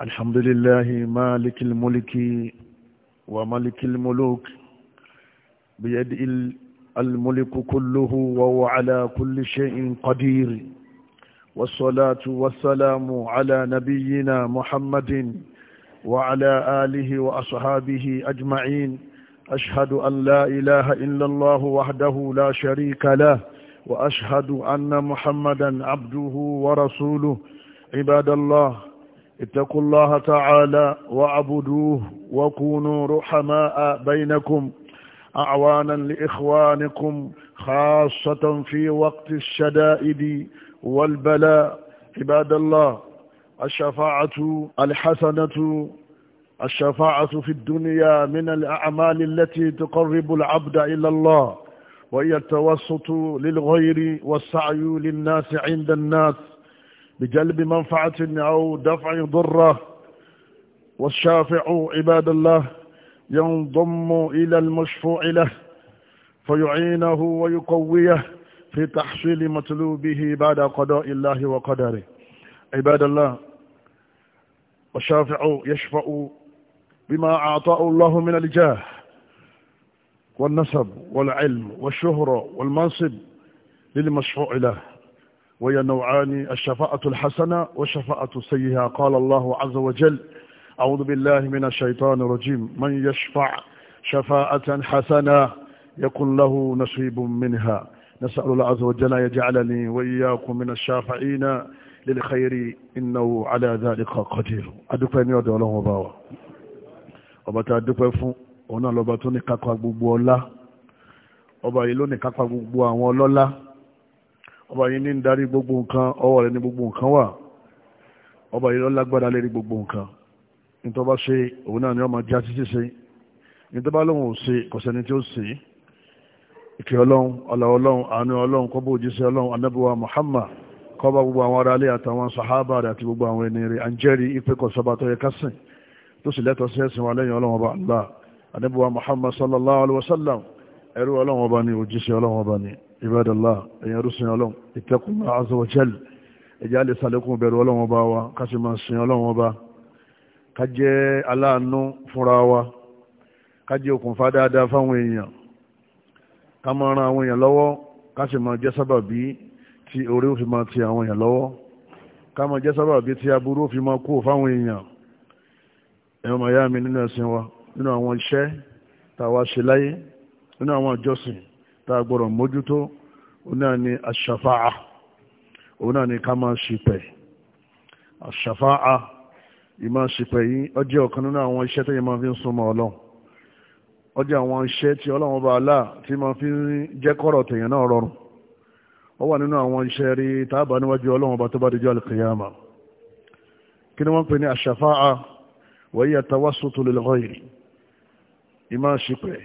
الحمد لله مالك الملك وملك الملوك بيد الملك كله وهو على كل شيء قدير والصلاة والسلام على نبينا محمد وعلى آله وأصحابه أجمعين أشهد أن لا إله إلا الله وحده لا شريك له وأشهد أن محمدا عبده ورسوله عباد الله اتقوا الله تعالى وعبدوه وكونوا رحماء بينكم أعوانا لإخوانكم خاصة في وقت الشدائد والبلاء عباد الله الشفاعة الحسنة الشفاعة في الدنيا من الأعمال التي تقرب العبد إلى الله وهي التوسط للغير والسعي للناس عند الناس بجلب منفعة أو دفع ضرة والشافع عباد الله ينضم إلى المشفوع له فيعينه ويقويه في تحصيل مطلوبه بعد قضاء الله وقدره عباد الله والشافع يشفع بما أعطاه الله من الجاه والنسب والعلم والشهرة والمنصب للمشفوع له وهي نوعان الشفاعة الحسنة والشفاعة السيئة قال الله عز وجل أعوذ بالله من الشيطان الرجيم من يشفع شفاعة حسنة يكون له نصيب منها نسأل الله عز وجل يجعلني وإياكم من الشافعين للخير إنه على ذلك قدير أدوكي نيودي ولهم باوا وبتا أدوكي فون ona lọba tó ní kápá gbogbo ọlá ọba yìí ní kápá gbogbo àwọn ọlọ́lá ọba yìí ní ń darí gbogbo nǹkan ọwọ́ rẹ̀ ní gbogbo nǹkan wà ọba yìí ló lágbára lérí gbogbo nǹkan nítorí bá ṣe òun náà ni ọmọ já sí ṣíṣe nítorí bá lóun ò ṣe kọ̀sẹ́ni tí ó ṣe ìkẹ́ ọlọ́run ọlá ọlọ́run àánú ọlọ́run kọ́bọ̀ òjíṣẹ́ ọlọ́run anábíwá Muhammad kọ́bà gbogbo àwọn ará alẹ́ àtàwọn sàhábà rẹ̀ àti gbogbo àwọn ẹni rẹ̀ à ń jẹ́rìí ipe kọ̀sọ́bà tó yẹ kásìn tó sì lẹ́tọ̀ọ́ sí ẹ̀sìn wa lẹ́yìn ọlọ́run ọba Allah anábíwá Muhammad sallallahu alaihi wasallam ẹrú ọlọ́run ọba ni òjíṣẹ́ ọlọ́run ọba ni ibadala èyàn rúṣin ọlọ́run ìtẹ́kùn azza wa jal ẹjá lè sàlékún bẹ̀rù ọlọ́run ọba wa ká sì máa sin ọlọ́run ọba ká jẹ́ aláàánú fúnra wa ká jẹ́ okùnfà dáadáa fáwọn èèyàn ká máa ran àwọn èèyàn lọ́wọ́ ká sì máa jẹ́ sábàbí tí orí ó fi máa ti àwọn èèyàn lọ́wọ́ ká máa jẹ́ sábàbí tí aburú ó máa kú fáwọn èèyàn ẹ̀rọ màyá mi nínú ẹ̀sìn wa nínú àwọn iṣẹ́ tàwa ṣe láyé nínú àwọn ìjọsìn tá a gbọ́dọ̀ mójútó òun náà ni àṣàfáà òun náà ni ká máa ṣìpẹ̀ àṣàfáà ìmọ̀ ṣìpẹ̀ yìí ó jẹ́ ọ̀kan nínú àwọn iṣẹ́ tó yẹ máa fi ń súnmọ́ ọlọ́run ó jẹ́ àwọn iṣẹ́ tí ọlọ́run bá aláà tí máa fi ń jẹ́ kọ́rọ̀ tèèyàn náà rọrùn ó wà nínú àwọn iṣẹ́ rí tábà níwájú ọlọ́run ọba tó bá dijọ́ alìkìyàmà kí ni wọ́n pè ní àṣàfáà wọ́n yí àtàwásùtò lè lọ́yìn ìmọ̀ ṣìpẹ̀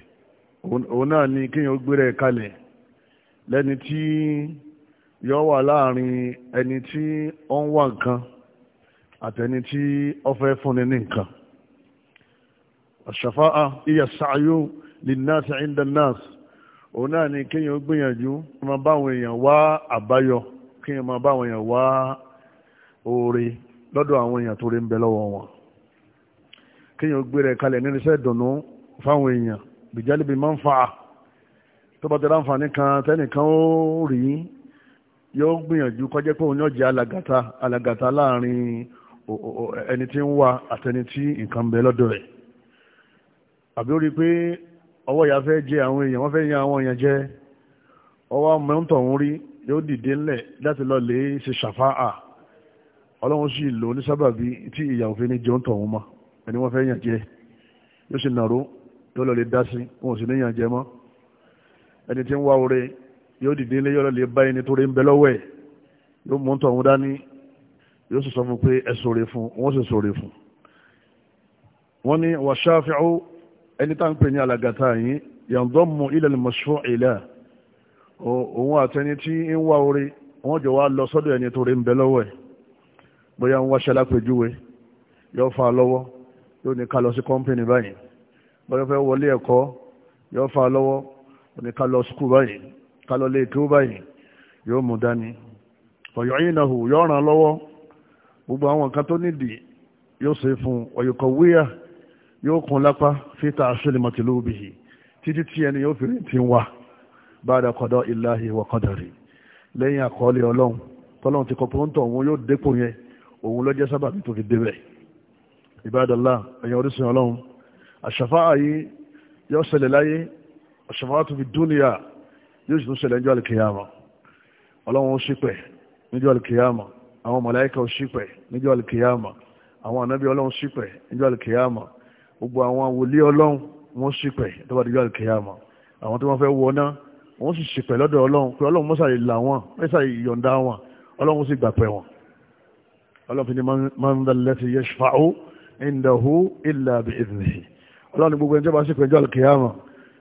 òun náà ni kíyàn ó gbére kalẹ̀ lẹ́ni tí yọ wà láàrin ẹni tí ó ń wá nǹkan àtẹni tí ó fẹ́ fúnni ní nǹkan àṣàfáà iyà sàáyó linnas inda nas òun náà ni kíyàn ó gbìyànjú máa báwọn èèyàn wá àbáyọ kíyàn máa báwọn èèyàn wá oore lọ́dọ̀ àwọn èèyàn tó rí ń bẹ lọ́wọ́ wọn kíyàn ó gbére kalẹ̀ nínú iṣẹ́ ìdùnnú fáwọn èèyàn bìjálìbì máa ń fa tó bá tẹ́lá àǹfààní kan tẹ́nìkan ó rí yóò gbìyànjú kọjá pé òun yóò jẹ́ alàgàtà alàgàtà láàrin ẹni tí ń wá àtẹni tí nǹkan bẹ lọ́dọ̀ rẹ̀ àbí ó rí i pé ọwọ́ ìyá fẹ́ jẹ àwọn èèyàn wọ́n fẹ́ yan àwọn èèyàn jẹ ọwọ́ mẹ́ńtọ̀ ń rí yóò dìde ńlẹ̀ láti lọ lè ṣe ṣàfáà ọlọ́run sì lò ní sábàbí tí ìyàwó fi ní jẹun tọ̀hún mọ́ ẹni wọ́n fẹ́ yàn jẹ yóò ṣe nàró tó lọ lè dá sí wọn sì níyàn jẹ mọ́ ẹni tí ń wá oore yóò dìde ilé yọ́lọ́ lè bá ẹni tó rí ń bẹ lọ́wọ́ ẹ̀ yóò mú tọ̀ wọn dání yóò sì sọ fún pé ẹ sọ̀rọ̀ fún wọn sì sọ̀rọ̀ fún wọn ni wàṣáfíà ẹni tá ń pè ní alàgàtà yìí yàndọ́mù ilẹ̀ mọ̀ṣọ́ ilẹ̀ òun àtẹni tí ń wá orí wọ́n jọ wá lọ sọ́dọ̀ ẹni tó rí ń bẹ lọ́wọ́ ẹ̀ bóyá ń wáṣẹ́ lápèjúwe yóò fa lọ́wọ́ yóò ní ká lọ sí kọ́mpìnì báyìí bọ́yọ́ fẹ́ wọlé ẹ̀kọ́ yóò fa lọ́wọ́ òní ká lọ skul báyìí ká lọ lé tó báyìí yóò mú dání ọ̀yọ́ yìí náà hù yóò ràn lọ́wọ́ gbogbo àwọn nǹkan tó nídìí yóò ṣe fún ọ̀yọ̀kọ̀ wíyà yóò kún lápá fíta àṣẹlẹ̀ mọ̀tìlúbi títí tí ẹni yóò fi rí ti wá bá dà kọ́dọ̀ ìláhi wà lẹ́yìn àkọọ́lẹ̀ ọlọ́run tọ́lọ́run ti kọ àṣàfáà yìí yóò ṣẹlẹ̀ láyé àṣàfáà tó fi dúnìyà yóò sì tún ṣẹlẹ̀ níjọ́ àlùkìyàmọ̀ ọlọ́run ó ṣìpẹ̀ níjọ́ àlùkìyàmọ̀ àwọn màláíkà ó ṣìpẹ̀ níjọ́ àlùkìyàmọ̀ àwọn ànábì ọlọ́run ṣìpẹ̀ níjọ́ àlùkìyàmọ̀ gbogbo àwọn wòlíì ọlọ́run wọ́n ṣìpẹ̀ tó bá dijọ́ àlùkìyàmọ̀ àwọn tó wọ́n fẹ́ wọná wọ́n sì ṣìpẹ̀ lọ́dọ̀ ọlọ́run pé ọlọ́run mọ́sà ìlà wọn mẹ́sà ìyọ̀ǹda wọn ọlọ́run sì gbàpẹ̀ wọn ọlọ́run fi ni man dhal lati yashfa'u indahu illa bi'idhnihi ọlọ́run gbogbo ẹni tó bá ṣe pẹ̀jọ́ alùkìyàmọ̀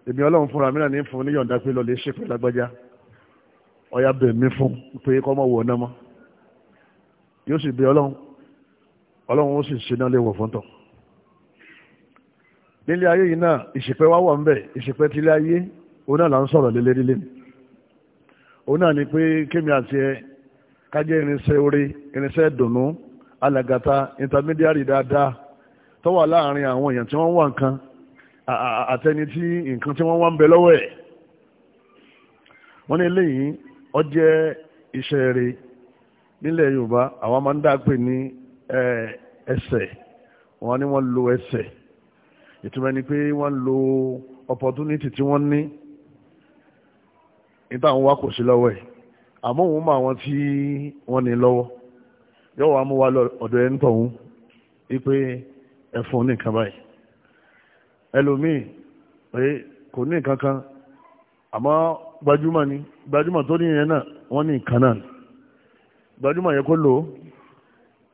èmi ọlọ́run fúnra mi náà ní fún níyọ̀ǹda pé lọ́ọ́ lè ṣe pé lágbájá ọ̀yà bẹ̀ mí fún pé kọ́ mọ̀ wọ̀ ọ̀nà mọ́ yóò sì bẹ ọlọ́run ọlọ́run ó sì náà lè wọ̀ ayé yìí náà ìṣèpẹ́ wá wà ìṣèpẹ́ ayé òun náà là ń sọ̀rọ̀ òun náà ni pé kémi àti ẹ kájẹ́ irinṣẹ́ orí irinṣẹ́ dùnú alàgàtà intermediary tó wà láàrin àwọn èèyàn tí wọ́n wà nǹkan àtẹni tí nǹkan tí wọ́n wá ń bẹ lọ́wọ́ ẹ̀ wọ́n ní eléyìí ó jẹ́ iṣẹ́ rẹ̀ nílẹ̀ Yorùbá àwọn máa ń dá ní ẹsẹ̀ wọ́n ní wọ́n lo ẹsẹ̀ ìtumọ̀ ni pé wọ́n lo opportunity tí wọ́n ní níta àwọn wa kò sí lọ́wọ́ ẹ̀ àmọ́ òun mọ àwọn tí wọ́n ní lọ́wọ́ yóò wá mú wa lọ ọ̀dọ̀ ẹ̀ ń tọ̀hún wípé ẹ̀fún ní nǹkan báyìí ẹlòmíì pé kò ní nǹkan kan àmọ́ gbajúmọ̀ ni gbajúmọ̀ tó ní yẹn náà wọ́n ní nǹkan náà gbajúmọ̀ yẹ kó lò ó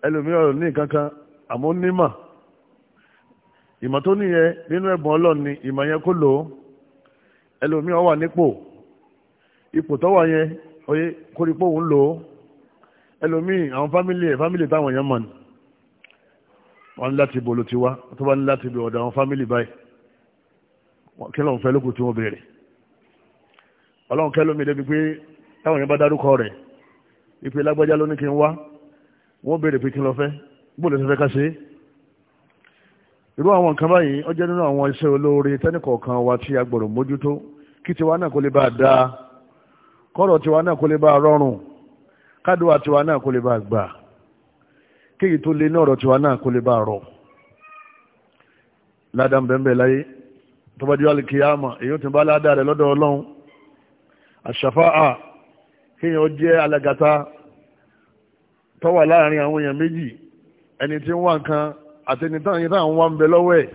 ẹlòmíì ọ̀rọ̀ ní nǹkan kan àmọ́ nímọ̀ ìmọ̀ tó níyẹ nínú ẹ̀bùn ọlọ́run ni ìmọ̀ yẹn kó lò ó ẹlòmíì ó wà nípò ipò tó wà yẹn kórìpò òun lò ó ẹlòmíì àwọn fámìlì ẹ̀ fámìlì táwọn yẹn mọ̀ ni wọ́n láti bolo ti wá tó bá ní láti bí ọ̀dọ̀ àwọn fámìlì báyìí kí lóun fẹ́ lókùn tí wọ́n béèrè ọlọ́run kẹ́ lómi débi pé táwọn yẹn bá dárúkọ rẹ̀ ìpè lágbájá ló ní kí n wá wọ́n béèrè pé kí lọ fẹ́ bó fẹ́ ká ṣe é irú àwọn nǹkan báyìí nínú àwọn iṣẹ́ olóore tẹ́nìkọ̀ọ̀kan wa tí a mójútó kí tiwa náà kó lè bá dáa kọ́rọ̀ tiwa náà kó lè bá rọrùn tiwa náà lè kéyìí tó lé ní ọ̀rọ̀ tiwa náà kó lè bá rọ̀ ládàá bẹ́ẹ̀ láyé tó bá díwá lè kíyàmà èyí ó ti bá ládàá rẹ̀ lọ́dọ̀ ọlọ́run àṣàfáà kéyìí ó jẹ́ alàgàtà tó wà láàrin àwọn èèyàn méjì ẹni tí ń wá nǹkan àti ẹni táwọn yìí táwọn wá ń bẹ lọ́wọ́ ẹ̀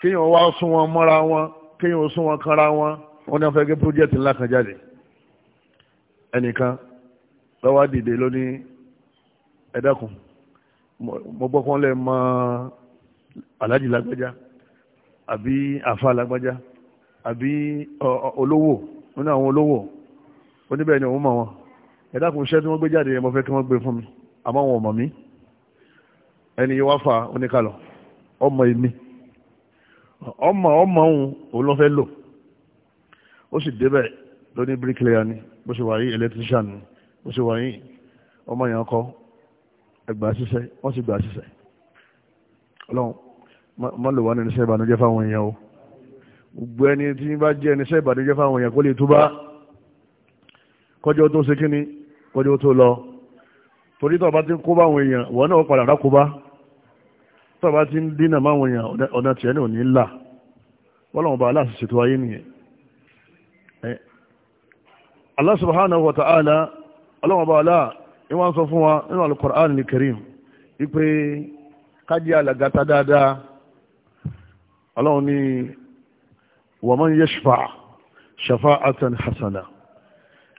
kéyìí ó wá sún wọn mọ́ra wọn kéyìí ó sún wọn kanra wọn wọn ní wọn fẹ́ gé pírójẹ́tì ńlá kan jáde ẹnìkan lọ́wọ́ dìde lónìí ẹ dákun mo gbọ́ kán lẹ́ mọ aláàjì lágbájá àbí àfa lágbájá àbí olówó nínú àwọn olówó oníbẹ̀ ni òun mọ̀ wọn ẹ dákun iṣẹ́ tí wọ́n gbé jáde yẹn mo fẹ́ kí wọ́n gbé fún mi àmọ́ wọn ò mọ̀ mí ẹni yìí wá fa oníkalọ̀ ọmọ èmi ọmọ ọmọ òun òun ló fẹ́ lò ó sì débẹ̀ lóní bíríkìlẹ̀yà ni bó ṣe wà yìí electrician ni bó ṣe wà yìí ọmọ yẹn kọ́ ẹgbà ṣiṣẹ́ wọ́n sì gbà ṣiṣẹ́ ọlọ́run má lò wá ní iṣẹ́ ìbànújẹ́ fáwọn èèyàn o gbogbo ẹni tí bá jẹ́ iṣẹ́ ìbànújẹ́ fáwọn èèyàn kó lè túbá kọjọ́ tó ṣe kíni kọjọ́ tó lọ torí tó bá ti ń kó bá àwọn èèyàn wọ́n náà padà rákó bá tó bá ti ń dínà máwọn èèyàn ọ̀nà tiẹ̀ ní òní ńlá wọ́lọ́wọ́n bá aláàṣì ṣètò ayé nìyẹn Allah subhanahu wa ta'ala ọlọ́wọ́n bá aláà ìwọ́n sọ fún wa nínú Al-Qur'an Al-Karim wípé kájí alàgàtà dáadáa ọlọ́run ní wa man yashfa' shafa'atan hasana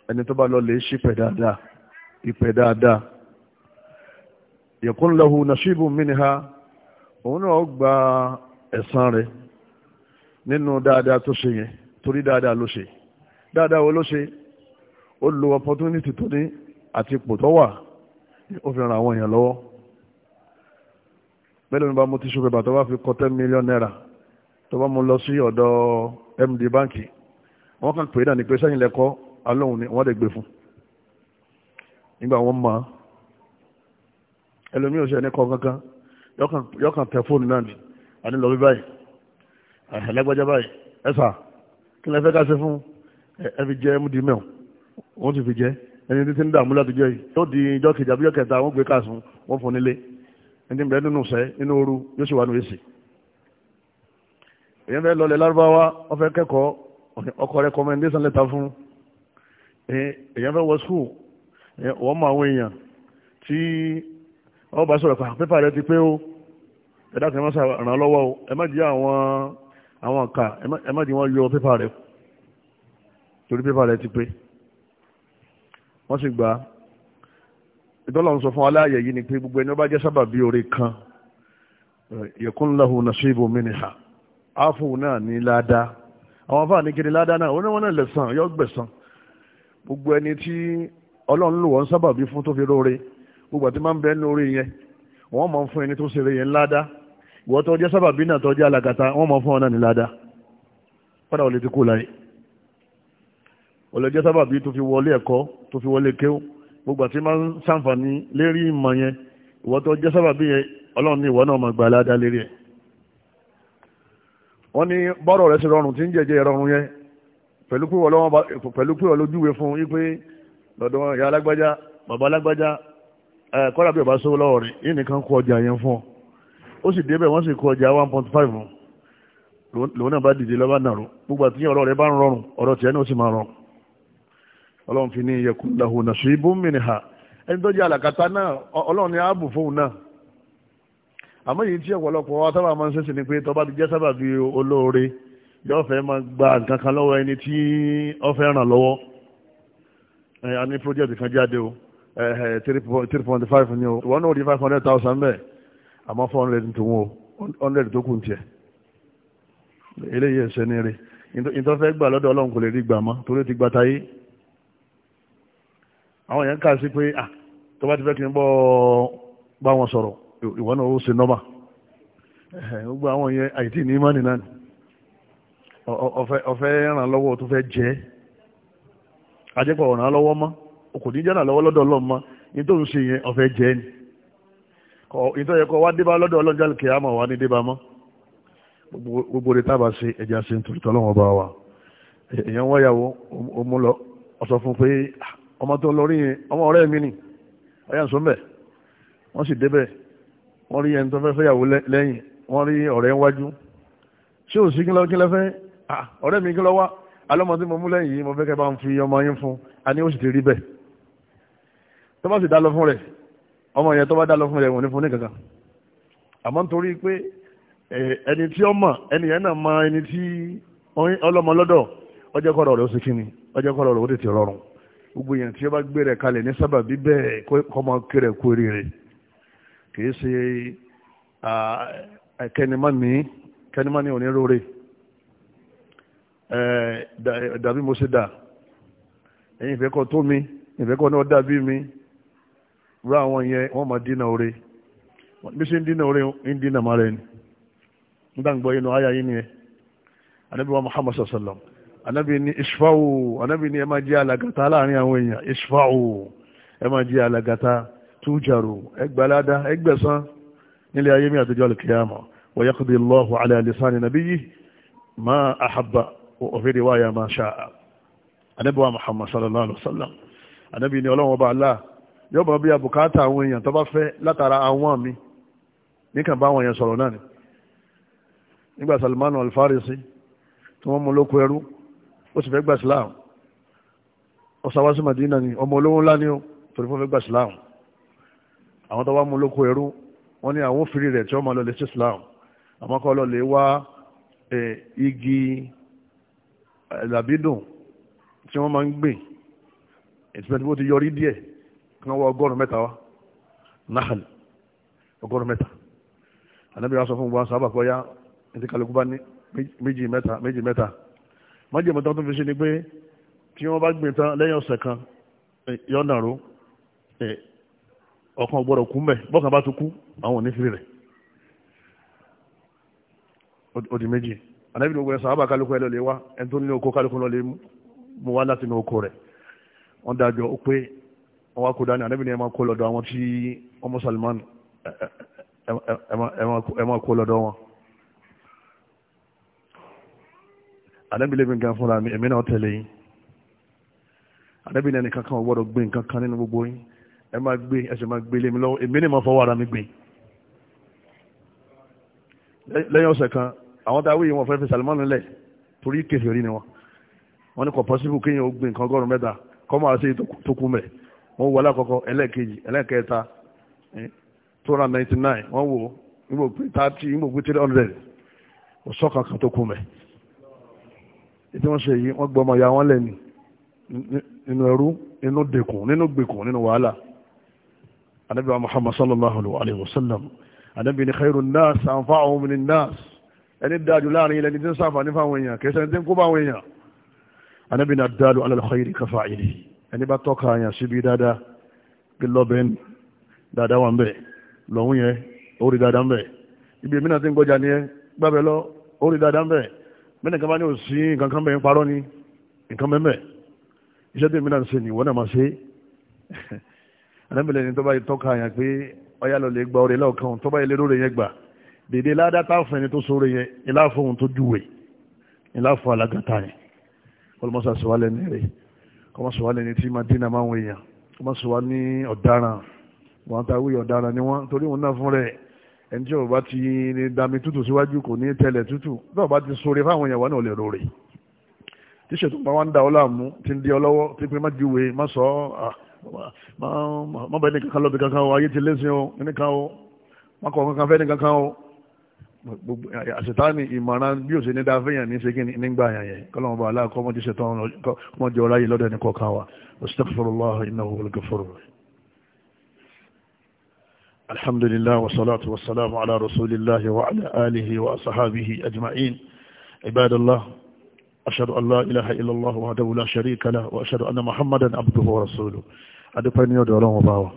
ẹni tó bá lọ lè ṣípẹ̀ dáadáa ìpẹ̀ dáadáa yakun lahu nashibun minha òun náà gba ẹ̀san rẹ̀ nínú dáadáa tó ṣe yẹn torí dáadáa ló ṣe dáadáa wo ló ṣe ó lo opportunity tó ní àti ipò tó wà ó fi ran àwọn èèyàn lọ́wọ́ bẹ́ẹ̀ lómi bá mú tíṣù pépà tó bá fi kọ ten million naira tó bá mú lọ sí ọ̀dọ̀ md báǹkì wọ́n kàn pè é dàní pé sẹ́yìn lẹ́kọ́ alóhùn ni wọ́n lè gbé fún nígbà wọn mọ̀ ẹlòmíì ò ṣe ẹni kọ kankan yọkàn tẹ fóònù náà ni àní lọ bí báyìí àhẹlẹgbẹjẹ báyìí ẹsà kí lẹ fẹ́ ká ṣe fún ẹ fi jẹ md mail wọ́n ti fi jẹ́ ẹni tí ti ń dààmú látijọ́ yìí yóò di ijọ́ kejì àbíjọ́ kẹta wọ́n gbé káàsùn wọ́n fún nílé ẹni bẹ́ẹ̀ nínú sẹ́ inú ooru yóò sì wà nù èsì. èyàn fẹ́ lọlẹ̀ lárúbáwá wọ́n fẹ́ kẹ́kọ̀ọ́ ọkọ̀ recommendation letter fún èyàn fẹ́ wọ school wọ́n mọ àwọn èèyàn tí wọ́n bá sọ̀rọ̀ pa pépà rẹ ti pé o ẹ̀dá kan máa ràn lọ́wọ́ o ẹ má jẹ́ àwọn àwọn kà ẹ má jẹ́ wọ́n yọ pépà rẹ torí pépà rẹ ti pé wọ́n sì gbà á ìdọ́lọ̀ ń sọ fún aláàyè yìí ni pé gbogbo ẹni ó bá jẹ́ sábà bí oore kan yakun lahu nasibu minha áfù náà ní ládàá àwọn afáà ní kiri ládàá náà wọ́n náà lẹ̀sán yọ gbẹ̀sán gbogbo ẹni tí ọlọ́run lò wọ́n sábà bí fún tó fi róore gbogbo àti máa ń bẹ́ẹ̀ lórí yẹn wọ́n máa ń fún ẹni tó ṣeré yẹn ládàá ìwọ́n tó jẹ́ sábà bí náà tó jẹ́ alàgàtà wọ́n máa ń fún ọ náà ní ládàá padà ò ti kú láyé ọlọ́jẹ́ sábàbí tó fi wọlé ẹ̀kọ́ tó fi wọlé kéw gbogbo àti máa ń sàǹfààní lérí ìmọ̀ yẹn ìwọ tó jẹ́ sábàbí yẹn ọlọ́run ní ìwọ náà máa gbà aládá lérí ẹ̀ wọ́n ní bọ́rọ̀ rẹ̀ sí rọrùn tí ń jẹ́jẹ́ rọrùn yẹn pẹ̀lú pé ọlójúwe fún yí pé lọ́dọ̀ ìyá alágbájá bàbá alágbájá kọ́dà bí ọba sówó lọ́wọ́ rẹ̀ yìí nìkan kó ọjà yẹn fún ọ ó sì débẹ̀ wọ́n sì kó ọjà one point five lòun náà bá dìde lọ́ba nàró gbogbo àtìyàn ọ̀rọ̀ rẹ̀ bá ń rọrùn ọ̀rọ̀ tiẹ̀ náà sì máa rọrùn ọlọ́run fi ní yakun lahu nasibun minha ẹni tó jẹ́ àlàkàtà náà ọlọ́run ní ààbò fóun náà àmọ́ yìí tí ọ̀pọ̀lọpọ̀ máa ń ni pé tó ti jẹ́ sábà olóore yóò gba nǹkan kan lọ́wọ́ ẹni tí fẹ́ ràn lọ́wọ́ a ní project kan jáde o three point five ni o One hundred five hundred thousand bẹ́ẹ̀ àmọ́ four hundred tó wọ́n o hundred tó kù tiẹ̀ eléyìí ní rí ìtọ́fẹ́ gbà lọ́dọ̀ ọlọ́run àwọn èèyàn kà pé à ah, tó bá ti fẹ́ kí n bọ́ bá wọn sọ̀rọ̀ ìwọ náà ó ṣe nọ́mà gbogbo àwọn yẹn àìtí ní mánì náà ọ̀fẹ́ ràn lọ́wọ́ tó fẹ́ jẹ́ ajẹ́pọ̀ lọ́wọ́ mọ́ kò ní jẹ́ ràn lọ́wọ́ lọ́dọ̀ ní tó ń ṣe yẹn ọ̀fẹ́ jẹ́ ni yẹ kọ́ wá débá lọ́dọ̀ wá ní débá mọ́ gbogbo tábà wa èèyàn wáyàwó ó mú lọ ọmọ tó lórí yẹn ọmọ ọ̀rẹ́ mi ni ọyà sọmbẹ wọ́n sì débẹ̀ wọ́n rí ẹni tó fẹ́ fẹ́yàwó lẹ́yìn wọ́n rí ọ̀rẹ́ wájú ṣé ò sí kílọ kílẹ fẹ́ ọ̀rẹ́ mi kílọ wá alọmọ tí mo mú lẹ́yìn yìí mo fẹ́ kẹ́ bá ń fi ọmọ yín fún a ó sì ti rí bẹ́ẹ̀ tó bá sì dá lọ fún rẹ̀ ọmọ yẹn tó bá dá lọ fún rẹ̀ wọ́n ní fún ní kankan àmọ́ nítorí pé ẹni tí ọmọ ẹni yẹn náà mọ ẹni tí ọlọmọ lọ́dọ̀ ọjọ́ kọ́rọ̀ rẹ̀ ó sì kíni ọjọ́ kọ́rọ̀ rẹ̀ ó tètè rọrùn gbogbo èèyàn tí ó bá gbé rẹ̀ kalẹ̀ ní sábà bí bẹ́ẹ̀ kọ́mọ kéré kú oríire kì í ṣe kẹnimánì kẹnimánì onírúurẹ dàbí mo ṣe dà ìfẹ́ tó mi ìfẹ́ kọ́ náà dàbí mi rú àwọn yẹn wọ́n máa dínà oore bí ṣe ń dínà oore ń dínà máa ni nígbà inú ayé yìí ni anábíwá sallallahu wa sallam. anábì ní ìṣfáwò anábì ní ẹ máa jẹ́ alàgàtà láàrin àwọn èèyàn ìṣfáwò ẹ máa jẹ́ alàgàtà tújàrò ẹgbàládá ẹgbẹ̀sán nílé ayé mi àtijọ́ alìkìyàmọ̀ wa yaqdi Allahu ala lisani nabiyyi ma ahabba òfin riwaya ma sha'a anábì wa Muhammad sallallahu alaihi wasallam anábì ní ọlọ́wọ́ bá aláà yóò bá bí abùkátà àwọn èèyàn tó bá fẹ́ látara àwọn mi níkàn bá àwọn èèyàn sọ̀rọ̀ náà ni nígbà Salman al tí wọ́n mú lóko ẹrú ó sì fẹ́ gba islam ọ̀sáwá sí madina ni ọmọ olówó ńlá ni ó torí fún fẹ́ gba islam àwọn tó wá mú lóko ẹrú wọ́n ní àwọn òfin rẹ̀ tí wọ́n máa lọ lè sí islam àmọ́ kọ́ lọ lè wá igi làbídùn tí wọ́n máa ń gbìn ìtìmẹ́tì bó ti yọrí díẹ̀ kí wọ́n wá ọgọ́rùn-ún wá nahal ọgọ́rùn mẹ́ta anabi wa sọ fún gbogbo sábà kọ́ ya ẹ̀dí kálukú bá ní méjì mẹ́ta méjì mẹ́ta májèmọ́ tán tó fi ṣe ni pé tí wọ́n bá gbìn tán lẹ́yìn ọ̀sẹ̀ kan yọ̀ nàró ọ̀kan gbọ́dọ̀ kú mẹ́ bọ́kàn bá tún kú àwọn ò ní fi rẹ̀ odi méjì ànábì ní ogun ẹ̀sán àbá kálukú ẹ̀ lọ lè wá ẹni tó ní oko kálukú lọ lè mú wá láti inú oko rẹ̀ wọ́n dájọ́ ó pé wọ́n wá kó dání ànábì ní ẹ̀ máa kó lọ́dọ̀ àwọn tí ọmọ Salman ẹ̀ máa kó lọ́dọ̀ wọn. ànábì lè gbẹ̀ngàn fúnra mi èmi náà tẹ̀lé yín ànábì ní ẹnìkan kan gbọ́dọ̀ gbé nǹkan kan nínú gbogbo yín ẹ máa gbé ẹsẹ̀ máa gbé lémi lọ́wọ́ èmi ní máa fọwọ́ ara mi gbé lẹ́yìn ọ̀sẹ̀ kan àwọn táwọn yìí wọ́n fẹ́ fi Salman lẹ̀ torí kèfèrí ni wọn wọ́n ní kò pọ́sibú kéèyàn ó gbé nǹkan ọgọ́rùn-ún mẹ́ta kọ́ máa ṣe tó kú mẹ́ wọ́n wọ alákọ̀ọ́kọ́ ẹlẹ́ẹ̀kejì ẹlẹ́ẹ̀kẹta two hundred ninety nine wọ́n wò ó ìmọ̀ pé thirty ìmọ̀ pé three hundred ọ̀sọ́ kankan tó kú mẹ́ tí wọ́n ṣe yìí wọ́n gbọ́ ọmọ ìyá wọn lẹ́nu nínú ẹrú nínú dẹkùn nínú gbèkùn nínú wàhálà anabi muhammad sallallahu alayhi wa sallam anabi ni khairu nas anfa'uhum min nas ẹni dájú láàrin ilẹ̀ ní tí ń sáfà ní fáwọn èèyàn kẹsẹ̀ tí ń kó báwọn èèyàn anabi na dálu ala al-khairi ka fa'ilihi ẹni bá tọ́ka àyàn síbi dáadáa bí lọ́bẹ̀ẹ́n dáadáa wà ń bẹ̀ lọ́hún yẹn ó rí dáadáa ibi èmi ti ń gbọ́jà ni ẹ gbábẹ́ lọ ó rí dáadáa bẹ́ẹ̀ nìkan bá ní òsì nǹkan kan bẹ́ẹ̀ ń parọ́ ni nǹkan mẹ́mẹ́ iṣẹ́ tí èmi náà ń ṣe nìwọ́n náà máa ṣe anábìlẹ̀ ni tó bá yẹ tọ́ka yẹn pé ọyá lọ lè gba oore lọ́ọ̀kan tó bá yẹ lè lóore yẹn gbà dèdè ládàtà fún ẹni tó sóore yẹn ilá fún ohun tó júwe ilá fún alágàtà yẹn olùmọ́sà sọ wá lẹ́ni rẹ̀ kọ́mọ sọ wá lẹ́ni tí máa dínà máa ń wọ èèyàn ní ọ̀daràn wọn àtàwé ọ̀daràn ni wọ́n torí òun náà fún rẹ̀ ẹni tí ọba ti ní dami tútù síwájú kò ní tẹlẹ tútù tí ọba ti sóore fáwọn èèyàn wà náà lè rọrè tí ṣètò bá wá ń da ọlá mú ti ń di ọlọ́wọ́ tí pé má diwe má sọ má bẹ nìkankan lọ́bi kankan o ayé ti lé sí o nìkan o má kọ̀ kankan fẹ́ nìkankan o àṣetáni ìmọ̀ràn bí òsè ní dáfẹ́yàn ní ṣe kí nígbà yàn yẹn kọ́lọ́mù bá aláàkọ́ mọ́ ti ṣètò ọmọdé ọláyè lọ́dọ̀ ẹni kọ̀ọ̀kan wa astaghfirullah innahu wal ghafur الحمد لله والصلاة والسلام على رسول الله وعلى آله وأصحابه أجمعين عباد الله أشهد أن لا إله إلا الله وحده لا شريك له وأشهد أن محمدا عبده ورسوله أدفن يد ولون وباوة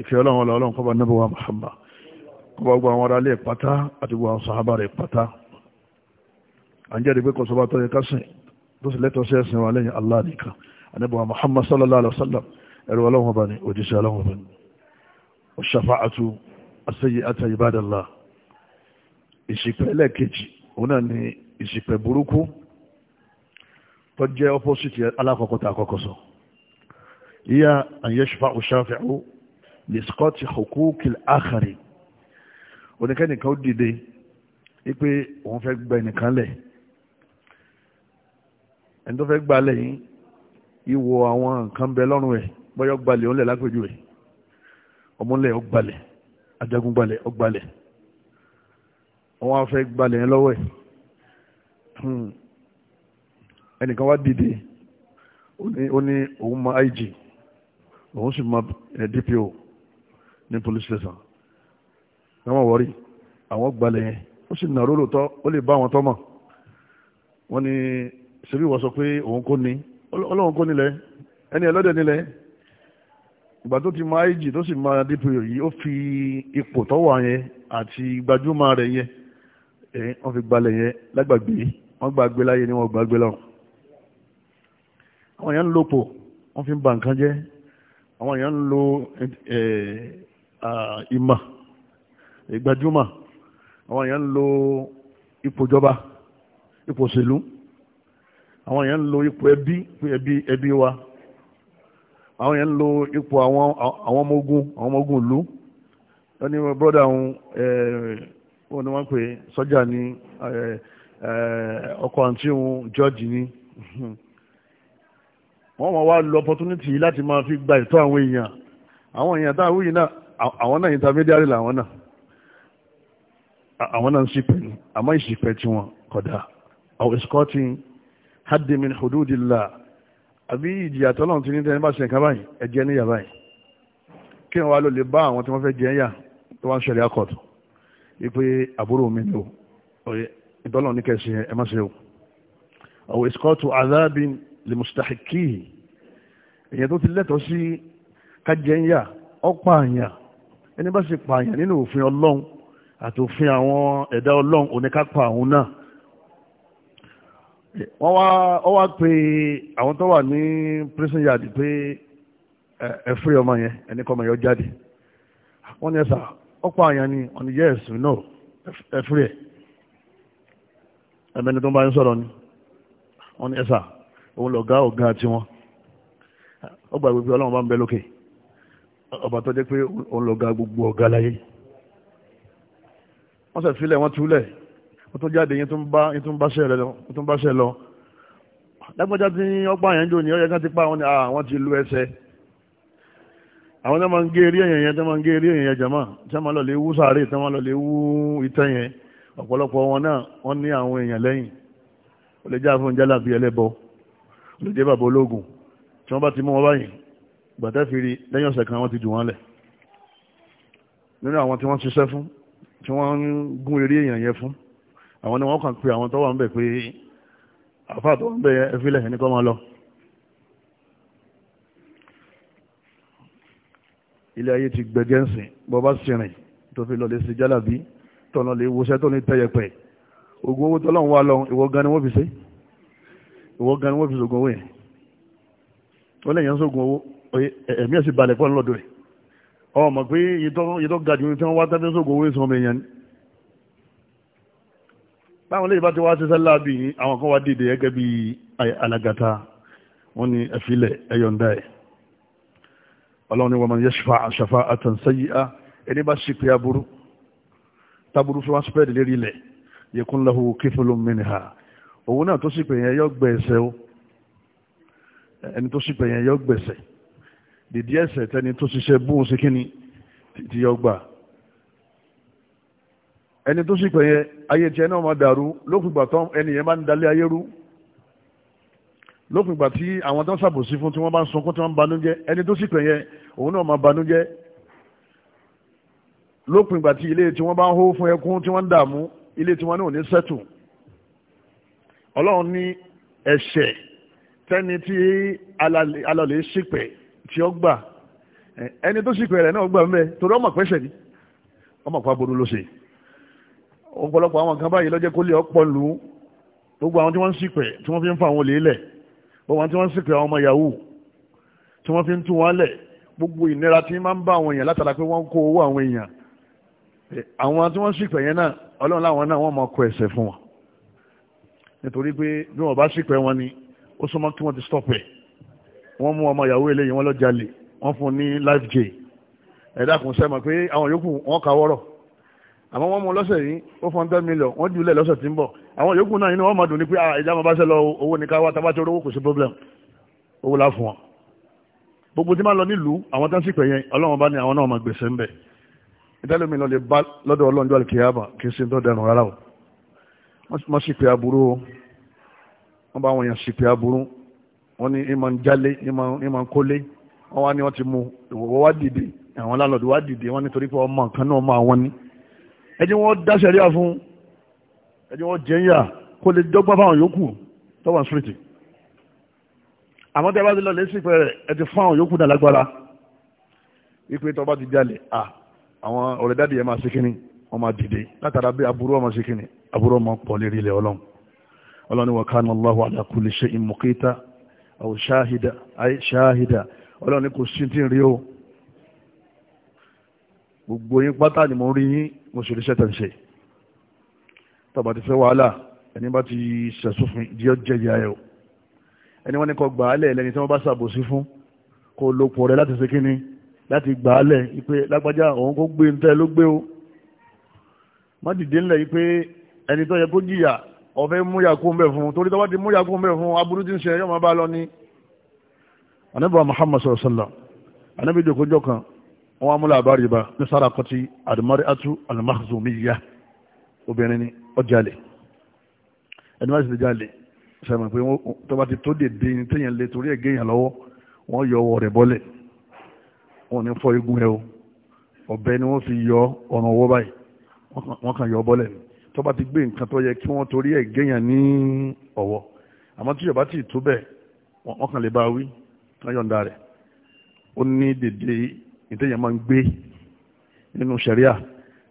إفي ولون ولا ولون قبل نبوة محمد قبل أبوان ورا لي قطع أدبوان صحابة لي قطع أنجري بكم صباح طريق قصي دوس لتو سيسن وعليه الله نيكا أنبوة محمد صلى الله عليه وسلم الولون وباني وجيسي ولون وباني ṣàfàátù àṣẹyẹ àtàyíbádàlá ìṣìpẹ̀ ẹlẹ́ẹ̀kejì òun náà ni ìṣìpẹ̀ burúkú tó jẹ́ opposite alákọ̀ọ́kọ́ tá àkọ́kọ́ sọ ìyá àyẹ́ṣùfà òṣàfẹ́hù lè skọ́tì hukukil akhari oníkẹ́nìkan ó dìde wípé òun fẹ́ gba ẹnìkan lẹ̀ ẹni tó fẹ́ gbalẹ̀ yìí ìwò àwọn nǹkan bẹ lọ́rùn ẹ̀ bọ́yọ́ gbalẹ̀ òun lẹ̀ lápèjúwe ọmọlẹ̀ ọgbalẹ̀ ajagunbalẹ̀ ọgbalẹ̀ àwọn afẹ́ gbalẹ̀ yẹn lọ́wọ́ ẹ̀ hmm. ẹnìkan wá dìde ó ní òun ma IG òun sì ma eh, DPO ní police station wọ́n wọ́rí àwọn gbalẹ̀ yẹn ó sì nàró lòótọ́ ó lè bá àwọn tọ́mọ̀ wọ́n ní ṣebí wọ́n sọ pé òun kò ní ọlọ́run kò nílẹ̀ ẹni ẹlọ́dẹ̀ nílẹ̀ ìgbà tó ti mọ àìjì tó sì máa dípò yìí ó fi ipò tó yẹn àti gbajúmọ̀ rẹ̀ yẹn wọ́n fi gbalẹ̀ yẹn lágbàgbé wọ́n gbàgbé láyé ni wọ́n gbàgbé lọ́wọ́ àwọn èèyàn ń lòpò wọ́n fi ń ba nǹkan jẹ́ àwọn èèyàn ń lo ìmọ̀ ìgbajúmọ̀ àwọn èèyàn ń lo ipò ìjọba ipò òṣèlú àwọn èèyàn ń lo ipò ẹbí ẹbí wa àwọn yẹn ń lo ipò àwọn ọmọ ogun àwọn ọmọ ogun ìlú wọ́n ní brọ́dà òun wọ́n wọ́n pè sọ́jà ní ọkọ̀ àǹtí òun jọ́ọ̀jì ni wọ́n máa wá lo opportunity láti máa fi gba ìtọ́ àwọn èèyàn àwọn èèyàn táwọn yìí náà àwọn náà intermediary làwọn náà àwọn náà ń ṣìpẹ̀ ni àmọ́ ìṣìpẹ̀ tiwọn kódà àwọn escorting haddi min hududillah àbí ìjìyà tọ́lọ́run ti ní tẹ́ni bá ṣe nǹkan báyìí ẹ̀jẹ̀ níyà báyìí kí wọ́n wá ló lè bá àwọn tí wọ́n fẹ́ jẹ́ yà tó wá ń ṣẹlẹ̀ akọ̀tù wípé àbúrò mi ni o ìtọ́lọ́run ní kẹsì ẹ má ṣe o àwọn ìsìkọ́tù adábin lè mùsùtàkì èèyàn tó ti lẹ́tọ̀ọ́ sí kájẹ́ yà ọ̀pá àyà ẹni bá ṣe pààyàn nínú òfin ọlọ́run àti òfin àwọn ẹ̀dá ọlọ́run oníkápá àwọn náà wọ́n wá ọ wá pé àwọn tó wà ní prison yard pé ẹ fúri ọmọ yẹn ẹni kọ́ ọmọ yẹn jáde wọ́n ní ẹ ọ̀pọ̀ àyàn ni ọ̀nì yes we know ẹ fúri ẹ ẹ̀mẹ́ni tó ń bá ń sọ̀rọ̀ ni wọ́n ní ẹ sà òun lọ̀gá ọ̀gá tiwọn ọgbà gbogbo ọlọ́run bá ń bẹ lókè ọba tó jẹ́ pé òun lọ̀gá gbogbo ọ̀gá láyé wọ́n sẹ̀ fílẹ̀ wọ́n túlẹ̀ ó tún jáde yẹn tún bá ṣẹ́ lọ lágbájá tí ọgbà yẹn jò ní ọyẹ kan ti pa àwọn ni àwọn ah, ti lu ẹsẹ̀ àwọn tó máa ń gé eré èèyàn yẹn tó máa ń gé eré èèyàn jama tó máa lọ lè wú sàárè tó máa lọ lè wú ìtẹ́ yẹn ọ̀pọ̀lọpọ̀ wọn náà wọ́n ní àwọn èèyàn lẹ́yìn ó lè jẹ́ àfihàn jálà ẹlẹ́bọ ó lè jẹ́ bàbá ológun tí wọ́n bá ti mú wọn báyìí gbàtẹ́fìrí lẹ́yìn ọ̀sẹ̀ kan wọ́n ti jù wọ́n lẹ̀ nínú àwọn tí wọ́n ṣiṣẹ́ fún tí wọ́n ń gún eré èèyàn yẹn fún àwọn ni wọ́n kàn pé àwọn tó wà ń bẹ̀ pé àfáà tó ń bẹ̀ ẹfílẹ̀ ní kọ́ máa lọ ilé ayé ti gbẹgẹ́nsìn bọ́ bá sìnrìn tó fi lọ lè ṣe jálàbí tọ̀nà lè wọṣẹ́ tó ní tẹ́yẹpẹ̀ ogun owó tọ́lọ́run wá lọ ìwọ gan ni wọ́n fi ṣe ìwọ gan ni wọ́n fi ṣògùn owó yẹn wọ́n lè yàn sógun owó ẹ̀mí ẹ̀sìn balẹ̀ pọ̀ lọ́dọ̀ ẹ̀ ọmọ pé yìí tó ga jù ní tí wọ́n wá tẹ́fẹ́ sógun owó ìsọmọ ni báwọn lè bá ti wá ṣiṣẹ́ láàbì yìí àwọn kan wá dìde gẹ́gẹ́ bí alagata wọ́n ni ẹ̀fílẹ̀ ẹ̀yọ̀ǹda ẹ̀ ọlọ́run ni wọ́n máa yẹ ṣafa ṣafa àtànṣẹ́yìí á ẹni bá ṣì pé aburú taburú fi wá sípẹ́ẹ̀dì lérí ilẹ̀ yẹkún lahu kífìlú mìnìhà òun náà tó sì pè yẹn yọ gbẹ̀ẹ́sẹ̀ o ẹni tó sì pè yẹn yọ gbẹ̀ẹ́sẹ̀ dìdí ẹ̀sẹ̀ tẹni tó ṣiṣẹ́ bóun ṣe kíni ti yọ gbà ẹni tó sì pẹ̀yẹ ayé tiẹ̀ náà máa dàrú lókùngbà tán ẹni yẹn bá ń dalẹ̀ ayé rú lókùngbà tí àwọn tán ṣàbòsí fún tí wọ́n bá ń sunkún tí wọ́n ń banújẹ́ ẹni tó sì pẹ̀yẹ òun náà máa banújẹ́ lókùngbà tí ilé tí wọ́n bá ń hó fún ẹkún tí wọ́n ń dààmú ilé tí wọ́n náà ní sẹ́tù ọlọ́run ní ẹ̀ṣẹ̀ tẹ́ni tí alàlẹ́ ṣìpẹ̀ tí ó gbà ẹni tó ṣìpẹ̀ rẹ̀ náà gbà mẹ́ torí ọmọ pẹ́ṣẹ̀ ni ọmọ pàbọ̀dọ̀ ló ṣe ọ̀pọ̀lọpọ̀ àwọn kan báyìí lọ́jẹ́ kó lè ọ̀pọ̀ lù ú gbogbo àwọn tí wọ́n ń ṣìpẹ̀ tí wọ́n fi ń fa àwọn olè lẹ̀ gbogbo àwọn tí wọ́n ń ṣìpẹ̀ àwọn ọmọ yahoo tí wọ́n fi ń tú wọn lẹ̀ gbogbo ìnira tí máa ń bá àwọn èèyàn látara pé wọ́n kó owó àwọn èèyàn àwọn tí wọ́n ṣìpẹ̀ yẹn náà ọlọ́run láwọn náà wọ́n máa kọ ẹ̀ṣẹ̀ fún wọn nítorí pé bí wọ́n bá ṣìpẹ̀ wọn ni ó súnmọ́ kí wọ́n ti stop wọ́n mú ọmọ yahoo eléyìí wọ́n lọ jalè wọ́n fún ní life j ẹ̀dá kùn sẹ́mọ̀ pé àwọn yòókù wọ́n kà wọ́rọ̀ àmọ́ wọ́n mú lọ́sẹ̀ yìí ó fọ́n tẹ́ mílíọ̀ wọ́n jù lẹ̀ lọ́sẹ̀ tí ń bọ̀ àwọn yòókù náà inú wọn máa dùn ní pé ah, ìjà máa bá ṣe lọ owó ní káwá tábà olówó kò sí problem owó la fún wọn gbogbo tí máa lọ nílùú àwọn tán sì pè yẹn ọlọ́run bá ní àwọn náà máa gbèsè ń bẹ̀ ìdálómi lọ lè bá lọ́dọ̀ ọlọ́run jọ́ àlùkìyàbà kì í ṣe tó dẹrùn rárá o wọ́n sì pè aburú o wọ́n bá wọn yàn sì pè aburú wọ́n ní ìmọ̀ ń jálé ìmọ̀ ń kólé wọ́n wá ní wọ́n ti mú ìwọ̀wọ́ wá dìde àwọn ẹni wọ́n dá sẹ̀ríà fún ẹni wọ́n jẹ́ yà kó lè dọ́gba fáwọn yòókù tọ́wà street àmọ́ tẹ́ bá ti lọ lé sí ìpẹ́ rẹ̀ ẹ ti fáwọn yòókù náà lágbára ìpè tó bá ti jalè à àwọn ọ̀rẹ́ yẹn máa ṣe kínní wọ́n máa dìde látara bí aburú ọmọ ṣe kínní aburú ọmọ pọ̀ lérí ilẹ̀ ọlọ́run ọlọ́run ni wa kana Allahu ala kulli shay'in muqita aw shahida ay shahida ọlọ́run ni kò sí ti rí o gbogbo yín pátá ni mo rí yín mo sì ríṣẹ́ tẹ̀ ń ṣe tọba ti fẹ́ wàhálà ẹni bá ti ṣẹ̀sùfin di ọjẹ́ ìyá ẹ̀ o ẹni wọ́n ní kọ gbà á lẹ̀ lẹ́ni tí wọ́n bá ṣàbòsí fún kó lo pọ̀ rẹ̀ láti ṣe kínní láti gbà á lẹ̀ ipe lágbájá òun kó gbé ń tẹ́ ló gbé o má dìde ńlẹ̀ ipe ẹni tó yẹ kó jìyà ọ̀fẹ́ múyà kó ń bẹ̀ fún torí tọ́wọ́ ti múyà kó ń bẹ̀ fún aburú ti ń ṣe yọ́ máa bá lọ ní. anábì Muhammad sallallahu alaihi wasallam anábì jòkójọ́ kan wọ́n wá mú làbárí bá ní sára kọtí àdìmọ́rí atú al-Makhzumiyya obìnrin ni ó jalè ẹni wá sì ti jalè sẹ́mi pé tó bá ti tó dèdè ní téèyàn lè torí ẹ̀gẹ́ yàn lọ́wọ́ wọ́n yọ ọwọ́ rẹ̀ bọ́lẹ̀ wọ́n ní fọ́ igun ẹ̀ o ọ̀bẹ ni wọ́n fi yọ ọ̀ràn ọwọ́ báyìí wọ́n kàn yọ bọ́lẹ̀ ni tó bá ti gbé nǹkan tó yẹ kí wọ́n torí ẹ̀gẹ́ ní ọ̀wọ́ àmọ́ tí yọ̀bá ti tó bẹ́ẹ̀ wọ́n kàn lè bá wí kàn yọ̀ǹda rẹ̀ ó ní dèdè ìtẹ̀yẹ̀ máa ń gbé nínú sẹ̀ríà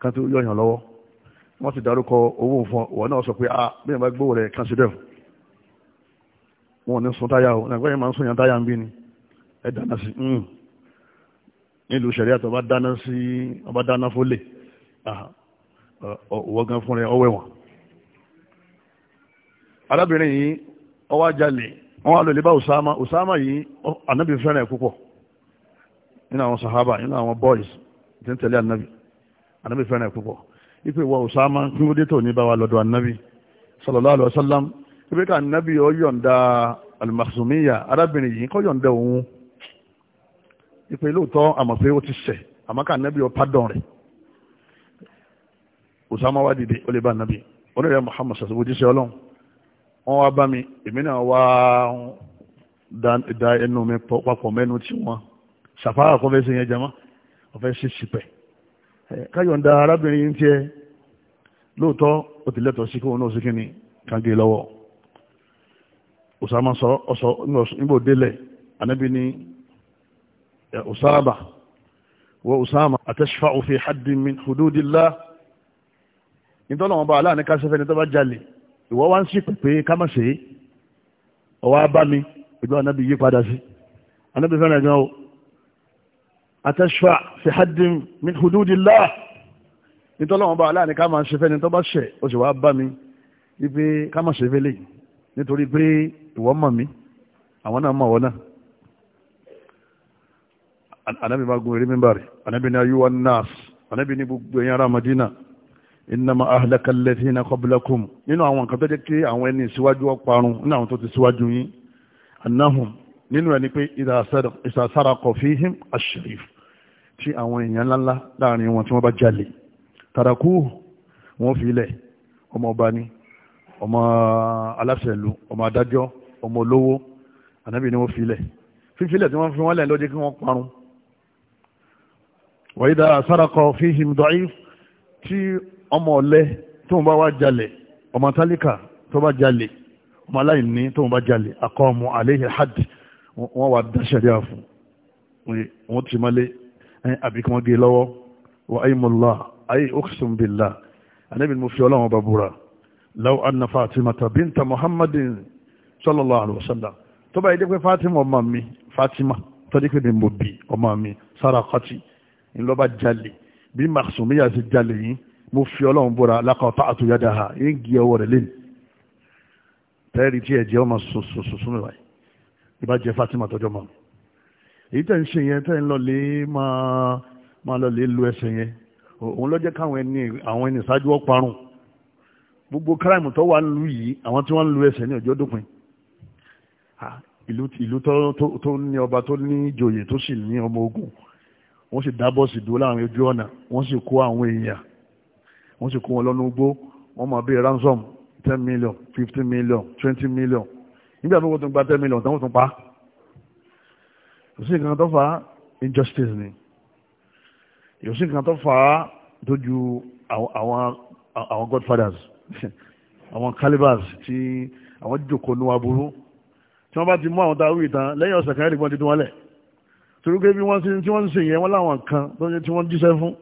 kan tó yọ̀yàn lọ́wọ́ wọ́n ti dárúkọ owó fún ọ̀wọ́ náà sọ pé a ah, bẹ́ẹ̀ bá gbówó rẹ̀ consider wọn ò ní sun táyà o nàgbẹ́ yẹn máa ń sun yàn táyà ń bí ni ẹ dáná sí hmm. nílùú sẹ̀ríà tó bá dáná sí ọba dáná fólè ah, ọwọ́ gan fún rẹ̀ ọwẹ́ wọn. arábìnrin yìí ọwọ́ ajalè wọn lè bá Usama Usama yìí nínú àwọn sahaba nínú àwọn boys tí ń tẹ̀lé anabi anabi fẹ́ràn ẹ̀ púpọ̀ ipe ìwọ Usama kí wọ́n dé tò ní bá wa lọ́dọ̀ anabi sallallahu alaihi wasallam. sallam ibi ká anabi al-Makhzumiyya arábìnrin yìí kọ́ yọ̀ǹda ipe lóòótọ́ àmọ̀ pé ó ti ṣẹ̀ àmọ́ ká anabi ó pardon rẹ̀ Usama Muhammad sọ̀tún ojúṣe ọlọ́run wọ́n wá bá mi èmi náà wá da ẹnu mi papọ̀ mẹ́nu tí wọ́n sàfáà kọ́ fẹ́ ṣe yẹn jama ọ̀fẹ́ ṣe ṣìpẹ̀ káyọ̀ǹda arábìnrin tiẹ̀ lóòótọ́ ó ti lẹ́tọ̀ọ́ sí kóun náà sí kíni kánge lọ́wọ́ Usama sọ ọsọ nígbò délẹ̀ anábì ní Usama wọ Usama atashfa'u fi haddin min hududillah bá aláàánú ká ní tó jalè ìwọ wá ń sì pé ká ọwọ́ abá ìgbà anábì yí padà sí anábì fẹ́ràn ẹ̀gbọ́n o àtẹ́ṣfà fi haddin min hududillah nítọ́lọ́wọ́n bá aláàní ká máa ṣe fẹ́ni tó bá ṣẹ̀ ó sì wá bá mi wípé ká máa ṣe fẹ́lẹ̀ nítorí pé ìwọ mọ̀ mí àwọn náà mọ̀ wọ́n náà anábì máa gun eré mímbà rẹ̀ anábì ní ayúwa nas anábì ní gbogbo ẹ̀yàn ará madina innama ahlaka alladhina qablakum nínú àwọn nǹkan tó jẹ́ kí àwọn ẹni síwájú ọparun nínú àwọn tó ti síwájú yín annahum nínú ẹni pé idha saraqa fihim ash tí àwọn èèyàn ńláńlá láàrin wọn tí wọ́n bá jalè tàràkú wọn fi ilẹ̀ ọmọ ọba ni ọmọ aláṣẹ̀lú ọmọ adájọ́ ọmọ olówó ànábì ni wọ́n fi ilẹ̀ fífi ilẹ̀ tí wọ́n fi wọ́n lẹ̀ lọ́jọ́ kí wọ́n parun wàyídà sárakọ fíhìm dọ́í tí ọmọ ọ̀lẹ tó ń bá wá jalè ọmọ tálíkà tó bá jalè ọmọ aláìní tó ń bá jalè akọ́ ọmọ àléhìn hajj wọ́n wà dáṣẹ̀ríà fún wọ́n ti mọ́lé Eh, àbí kí wọ́n gé lọ́wọ́ wà ayé mọ̀lá ayé ọ̀kṣùn bìlá anábì mo fi ọlọ́run ọba búra láwọ́ anna fatimata binta muhammadin sallallahu alaihi wasallam tó bá yẹ pé fatima ọmọ mi fatima tó dé pé ní mo bí ọmọ mi sarakati ńlọba jalè bí màṣùmí yà sí jalè yìí mo fi ọlọ́run búra lákọ̀ọ́tà àtúnyádà ha yín gé ọwọ́ rẹ̀ lẹ́nu tẹ́rì tí ẹ̀jẹ̀ ọmọ sùn mi wáyé ìbá jẹ fatima tọjọ́ mọ́ mi èyí tẹ̀ ń ṣe yẹn tẹ̀ ń lọlé máa máa lọlé lu ẹsẹ̀ yẹn òun lọ́jẹ́ káwọn ẹni àwọn ẹni ìṣáájú ọparun gbogbo kíráìmù tó wà nílùú yìí àwọn tí wọ́n ń lu ẹsẹ̀ ní ọjọ́ dópin ìlú tó ní ọba tó ní ìjòyè tó sì ní ọmọ ogun wọ́n sì dá bọ́ọ̀sì dúró láàrin ojú ọ̀nà wọ́n sì kó àwọn èèyàn wọ́n sì kó wọn lọ́nu gbó wọ́n máa bí ransom ten million fifteen million twenty million nígbà tó wọ́n tún gba ten million tó wọ́n tún pa á kò sí nǹkan tó fà injustice ni kò sí nǹkan tó fà á dojú àwọn àwọn godfathers àwọn calibers tí àwọn jòkó ní aburú tí wọ́n bá ti mú àwọn tá a wí tán lẹ́yìn ọ̀sẹ̀ kan ẹ̀rìngbọ́n ti dún wọlé torí pé bí wọ́n ti tí wọ́n ń sìn yẹn wọ́n láwọn kan tó ń tí wọ́n jíṣẹ́ fún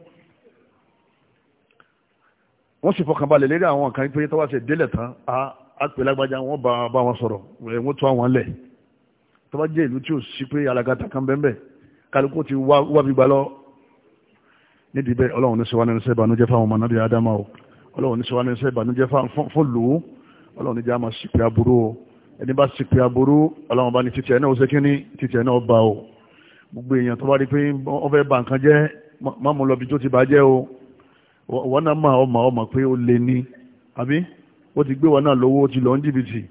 wọ́n sì fọkànbalẹ̀ lérí àwọn kan pé tọ́wọ́ sì délẹ̀ tán á pè lágbájá wọ́n bá wọn sọ̀rọ̀ wọ́n tún àwọn lẹ̀ tó bá jẹ́ ìlú tí ò sí pé alagata kan bẹ́ẹ̀ bẹ́ẹ̀ kálukú ti wá bí gbà lọ nídìí bẹ́ẹ̀ ọlọ́run ní sọ́wọ́n ní sẹ́bà ní jẹ́ fáwọn ọmọ náà bí adama o ọlọ́run ní sọ́wọ́n ní sẹ́bà ní jẹ́ fún lù ú ọlọ́run ní jẹ́ àmà sípè aburú o ẹni bá sípè aburú ọlọ́run bá ní títí ẹ̀ náà ó ṣe kíní títí ẹ̀ náà bá o gbogbo èèyàn tó bá rí pé ó fẹ́ bà nǹkan jẹ́ má lọ bí tó ti bàjẹ́ o wọn náà mà ọmọ ọmọ pé ó lè ní àbí ó ti gbé wọn náà lówó ó ti lọ ní jìbìtì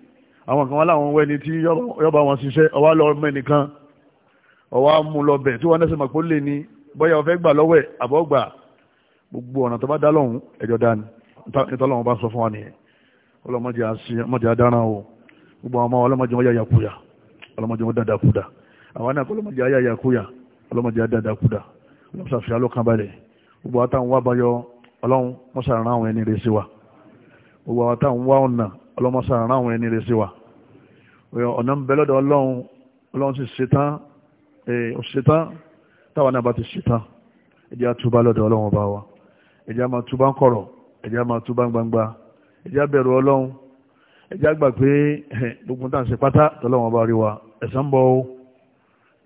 àwọn kan wá láwọn wẹni tí yọba wọn ṣiṣẹ́ ọwá lọ mẹ́nìkan ọwá mú lọ bẹ̀ tí wọ́n nẹ́sẹ̀ mọ̀ pé ó lè ní bóyá ọ̀fẹ́ gbà lọ́wọ́ ẹ̀ àbọ̀ gbà gbogbo ọ̀nà tó bá dá lọ́hùn ẹjọ́ dání nítọ́lọ́wọ́n bá sọ fún wa nìyẹn ọlọ́mọdé àṣì àdáná o gbogbo àwọn ọmọ ọlọ́mọdé wọn yáyà kúyà ọlọ́mọdé wọn dáadáa kúdà àwọn náà kọlọ́mọdé ayáyà kúyà ọlọ́mọdé dáadáa kúdà ọlọ́mọsàfíà ló kàn balẹ̀ gbogbo àwọn táwọn wá bayọ ọlọ́run mọ́sàrán àwọn ẹni rẹ̀ sí wa gbogbo àwọn táwọn wá ọ̀nà ọlọ́mọsá àrán àwọn ẹni rẹ̀ sí wa ọ̀nà ń bẹ lọ́dọ̀ ọlọ́run ọlọ́run sì ṣetán ó ṣetán táwọn náà bá ti ṣetán ẹjẹ́ àtúbá lọ́dọ̀ ọlọ́run ọba wa ẹjẹ́ àmà túbá ń kọ̀rọ̀ ẹjẹ́ àmà túbá ń gbangba ẹjẹ́ àbẹ̀rù ọlọ́run ẹjẹ́ àgbà pé gbogbo tá ṣe pátá tọ́lọ́run ọba rí wa ẹ̀san bọ̀ o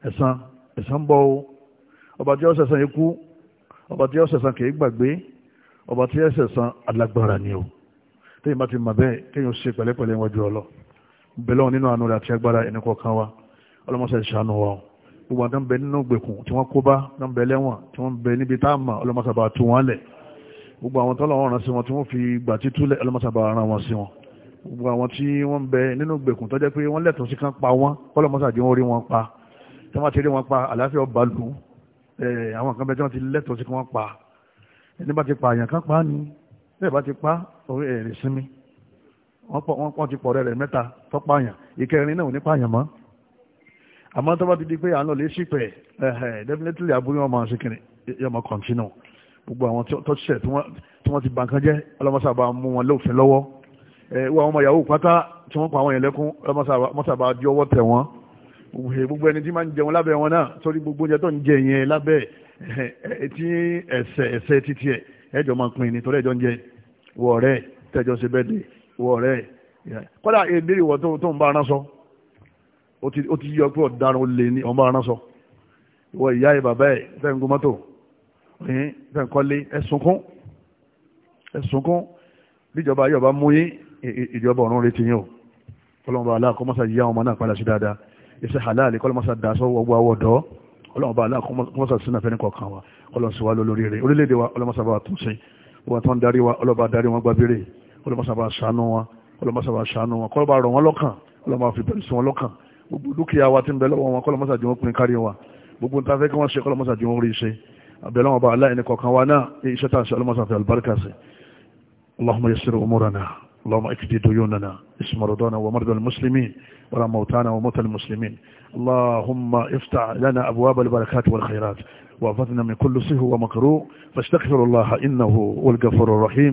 ẹ̀san ẹ̀san bọ̀ o ọba tí ó ikú ọba tí ó kì í gbàgbé ọba tí ó alágbára ni o téèyàn bá ti mọ̀ bẹ́ẹ̀ kéèyàn ṣe pẹ̀lẹ́pẹ̀lẹ́ wájú ọlọ bẹ̀lẹ́ wọn nínú àánú rẹ̀ àti agbára ẹni kọ̀ọ̀kan wa ọlọ́mọṣẹ́ ìṣàánú wa gbogbo àwọn tó ń bẹ nínú gbèkùn tí wọ́n kó bá tó ń bẹ lẹ́wọ̀n tí wọ́n ń bẹ níbi tá a mọ̀ ọlọ́mọṣẹ́ bá tú wọn lẹ̀ gbogbo àwọn tọ́lọ̀ wọn ràn sí wọn tí wọ́n fi gbà títú lẹ̀ ọlọ́mọṣẹ́ bá ràn wọn sí wọn gbogbo pa wọ́n ọlọ́mọṣẹ́ bẹ́ẹ̀ bá ti pa orí èrè sinmi wọ́n pọ̀ ti pọ̀ rẹ̀ rẹ̀ mẹ́ta tó pààyàn ìkẹrin náà ò ní pààyàn mọ́ àmọ́ tó bá ti di pé à ń lọ lé sípẹ̀ ẹ̀hẹ̀ definitely abúlé wọn máa ṣe kiri yóò máa continue gbogbo àwọn tó ṣẹ̀ tí wọ́n ti bà nǹkan jẹ́ ọlọ́mọṣàbà mú wọn lófin lọ́wọ́ wọ àwọn ọmọ ìyàwó pátá tí wọ́n pa àwọn yẹn lẹ́kún ọlọ́mọṣàbà di ọwọ́ tẹ̀ wọ́n gbogbo ẹni tí máa ń jẹun lábẹ́ wọn náà torí gbogbo oúnjẹ tó ń jẹ yẹn lábẹ́ ẹ̀ẹ́tí ẹ̀sẹ̀ ẹ̀sẹ̀ títí ẹ̀ ẹjọ́ máa pin ní torí ẹjọ́ ń jẹ wọ ọ̀rẹ́ tẹ́jọ́ ṣe bẹ́ẹ̀dẹ̀ wọ ọ̀rẹ́ kọ́dà èdè ìwọ̀ tó ń bá aná sọ ó ti yọ pé ọ̀daràn ó lè ní ọmọ aná sọ ìwọ ìyá ẹ bàbá ẹ fẹ́ ń gun mọ́tò fẹ́ ń kọ́lé ẹ sunkún ẹ sunkún bíjọba yọba mú yín ìjọba ọ̀run retí yín o kọ́lọ́mọba aláàkọ́mọ́sá yíyá ọmọ náà padà sí dáadáa iṣẹ́ halal kọ́lọ́mọ́sá dà sọ́wọ́ gbogbo ọlọ́run bá aláàkọ́mọ́sà sínú àfẹ́ni kọ̀ọ̀kan wa ọlọ́run sì wá lórí rẹ̀ orílẹ̀-èdè wa ọlọ́mọ́sàbà àtúnṣe wọ́n tó ń darí wa ọlọ́ba darí wọn gbábẹ́rẹ́ ọlọ́mọ́sàbà ṣàánú wa ọlọ́mọ́sàbà ṣàánú wa kọ́lọ́ba rọ̀ wọn lọ́kàn ọlọ́mọ́ fi bẹ̀rẹ̀ sí wọn lọ́kàn gbogbo dúkìá wa ti ń bẹ lọ́wọ́ wọn kọ́lọ́mọ́sà jẹ́ wọn pin kárí wa gbogbo nta fẹ́ kí wọ́n ṣe kọ́lọ́mọ́sà jẹ́ wọn rí iṣẹ́ àbẹ̀lẹ́ wọn bá aláìní kọ̀ọ̀kan wa náà iṣẹ́ tá a ṣe ọlọ́mọ́sà fi àlùbáríkà sí Allahumma yassir umurana اللهم اكفي ديوننا اسم مرضانا ومرضى المسلمين ولا موتانا وموتى المسلمين اللهم افتح لنا أبواب البركات والخيرات وافتنا من كل صهو ومكروه فاستغفر الله إنه هو الغفور الرحيم